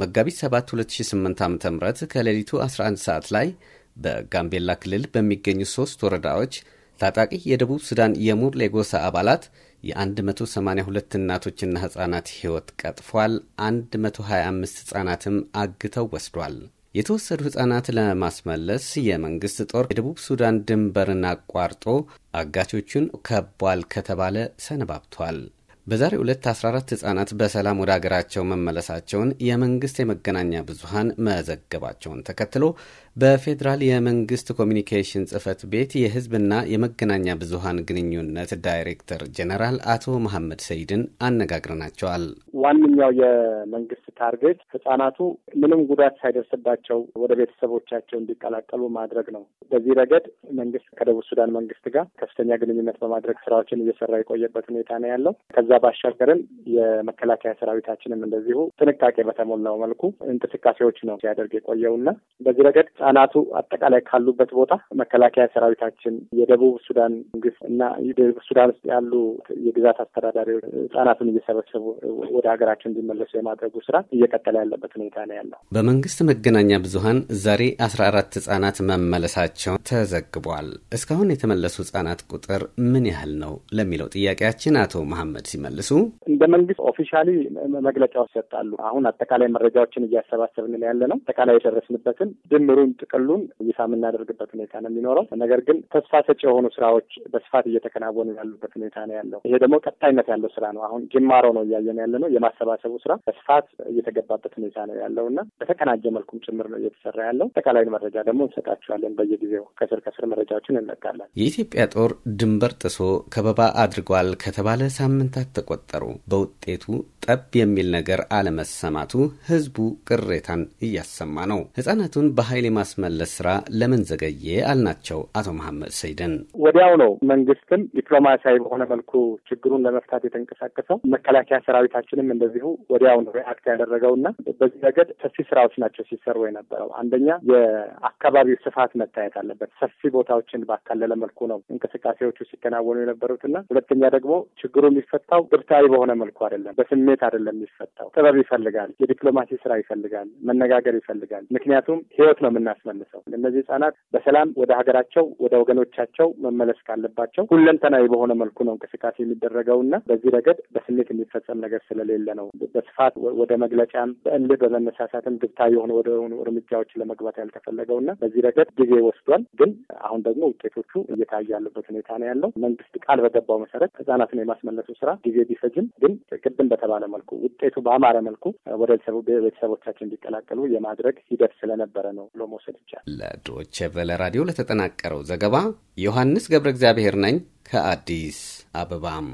መጋቢት 7 2008 ዓ ም ከሌሊቱ 11 ሰዓት ላይ በጋምቤላ ክልል በሚገኙ ሦስት ወረዳዎች ታጣቂ የደቡብ ሱዳን የሙርሌ ጎሳ አባላት የ182 እናቶችና ሕፃናት ሕይወት ቀጥፏል። 125 ሕፃናትም አግተው ወስዷል። የተወሰዱ ሕፃናት ለማስመለስ የመንግሥት ጦር የደቡብ ሱዳን ድንበርን አቋርጦ አጋቾቹን ከቧል ከተባለ ሰነባብቷል። በዛሬ ሁለት 14 ህጻናት በሰላም ወደ አገራቸው መመለሳቸውን የመንግስት የመገናኛ ብዙሃን መዘገባቸውን ተከትሎ በፌዴራል የመንግስት ኮሚኒኬሽን ጽህፈት ቤት የህዝብና የመገናኛ ብዙሃን ግንኙነት ዳይሬክተር ጀነራል አቶ መሐመድ ሰይድን አነጋግረናቸዋል። ዋነኛው የመንግስት ታርጌት ህጻናቱ ምንም ጉዳት ሳይደርስባቸው ወደ ቤተሰቦቻቸው እንዲቀላቀሉ ማድረግ ነው። በዚህ ረገድ መንግስት ከደቡብ ሱዳን መንግስት ጋር ከፍተኛ ግንኙነት በማድረግ ስራዎችን እየሰራ የቆየበት ሁኔታ ነው ያለው ከዛ ባሻገርም የመከላከያ ሰራዊታችንም እንደዚሁ ጥንቃቄ በተሞላው መልኩ እንቅስቃሴዎች ነው ሲያደርግ እና በዚህ ረገድ ህጻናቱ አጠቃላይ ካሉበት ቦታ መከላከያ ሰራዊታችን፣ የደቡብ ሱዳን መንግስት እና ደቡብ ሱዳን ውስጥ ያሉ የግዛት አስተዳዳሪዎች ህጻናቱን እየሰበሰቡ ወደ ሀገራቸው እንዲመለሱ የማድረጉ ስራ እየቀጠለ ያለበት ሁኔታ ነው ያለው። በመንግስት መገናኛ ብዙሀን ዛሬ አስራ አራት ህጻናት መመለሳቸውን ተዘግቧል። እስካሁን የተመለሱ ህጻናት ቁጥር ምን ያህል ነው ለሚለው ጥያቄያችን አቶ መሐመድ ሲመ ሲመልሱ እንደ መንግስት ኦፊሻሊ መግለጫዎች ሰጣሉ አሁን አጠቃላይ መረጃዎችን እያሰባሰብን ያለ ነው። አጠቃላይ የደረስንበትን ድምሩን ጥቅሉን ይፋ የምናደርግበት ሁኔታ ነው የሚኖረው። ነገር ግን ተስፋ ሰጪ የሆኑ ስራዎች በስፋት እየተከናወኑ ያሉበት ሁኔታ ነው ያለው። ይሄ ደግሞ ቀጣይነት ያለው ስራ ነው። አሁን ጅማሮ ነው እያየን ያለ ነው። የማሰባሰቡ ስራ በስፋት እየተገባበት ሁኔታ ነው ያለው እና በተቀናጀ መልኩም ጭምር ነው እየተሰራ ያለው። አጠቃላይ መረጃ ደግሞ እንሰጣቸዋለን። በየጊዜው ከስር ከስር መረጃዎችን እንለቃለን። የኢትዮጵያ ጦር ድንበር ጥሶ ከበባ አድርጓል ከተባለ ሳምንታት ተቆጠሩ። በውጤቱ ጠብ የሚል ነገር አለመሰማቱ ህዝቡ ቅሬታን እያሰማ ነው። ህጻናቱን በኃይል የማስመለስ ስራ ለምን ዘገየ አልናቸው አቶ መሐመድ ሰይድን። ወዲያው ነው መንግስትም ዲፕሎማሲያዊ በሆነ መልኩ ችግሩን ለመፍታት የተንቀሳቀሰው። መከላከያ ሰራዊታችንም እንደዚሁ ወዲያው ነው ሪአክት ያደረገውና በዚህ ረገድ ሰፊ ስራዎች ናቸው ሲሰሩ የነበረው። አንደኛ የአካባቢው ስፋት መታየት አለበት። ሰፊ ቦታዎችን ባካለለ መልኩ ነው እንቅስቃሴዎቹ ሲከናወኑ የነበሩትና ሁለተኛ ደግሞ ችግሩ የሚፈታው የሚፈታው ግብታዊ በሆነ መልኩ አይደለም፣ በስሜት አይደለም የሚፈታው። ጥበብ ይፈልጋል፣ የዲፕሎማሲ ስራ ይፈልጋል፣ መነጋገር ይፈልጋል። ምክንያቱም ህይወት ነው የምናስመልሰው። እነዚህ ህጻናት በሰላም ወደ ሀገራቸው ወደ ወገኖቻቸው መመለስ ካለባቸው ሁለንተናዊ በሆነ መልኩ ነው እንቅስቃሴ የሚደረገው እና በዚህ ረገድ በስሜት የሚፈጸም ነገር ስለሌለ ነው በስፋት ወደ መግለጫም በእልህ በመነሳሳትም ግብታዊ የሆነ ወደ ሆኑ እርምጃዎች ለመግባት ያልተፈለገው እና በዚህ ረገድ ጊዜ ወስዷል። ግን አሁን ደግሞ ውጤቶቹ እየታዩ ያሉበት ሁኔታ ነው ያለው። መንግስት ቃል በገባው መሰረት ህጻናትን የማስመለሱ ስራ ጊዜ ቢፈጅም ግን ቅድም በተባለ መልኩ ውጤቱ በአማረ መልኩ ወደ ቤተሰቦቻችን እንዲቀላቀሉ የማድረግ ሂደት ስለነበረ ነው ብሎ መውሰድ ይቻላል። ለዶቼ ቬለ ራዲዮ ለተጠናቀረው ዘገባ ዮሐንስ ገብረ እግዚአብሔር ነኝ ከአዲስ አበባም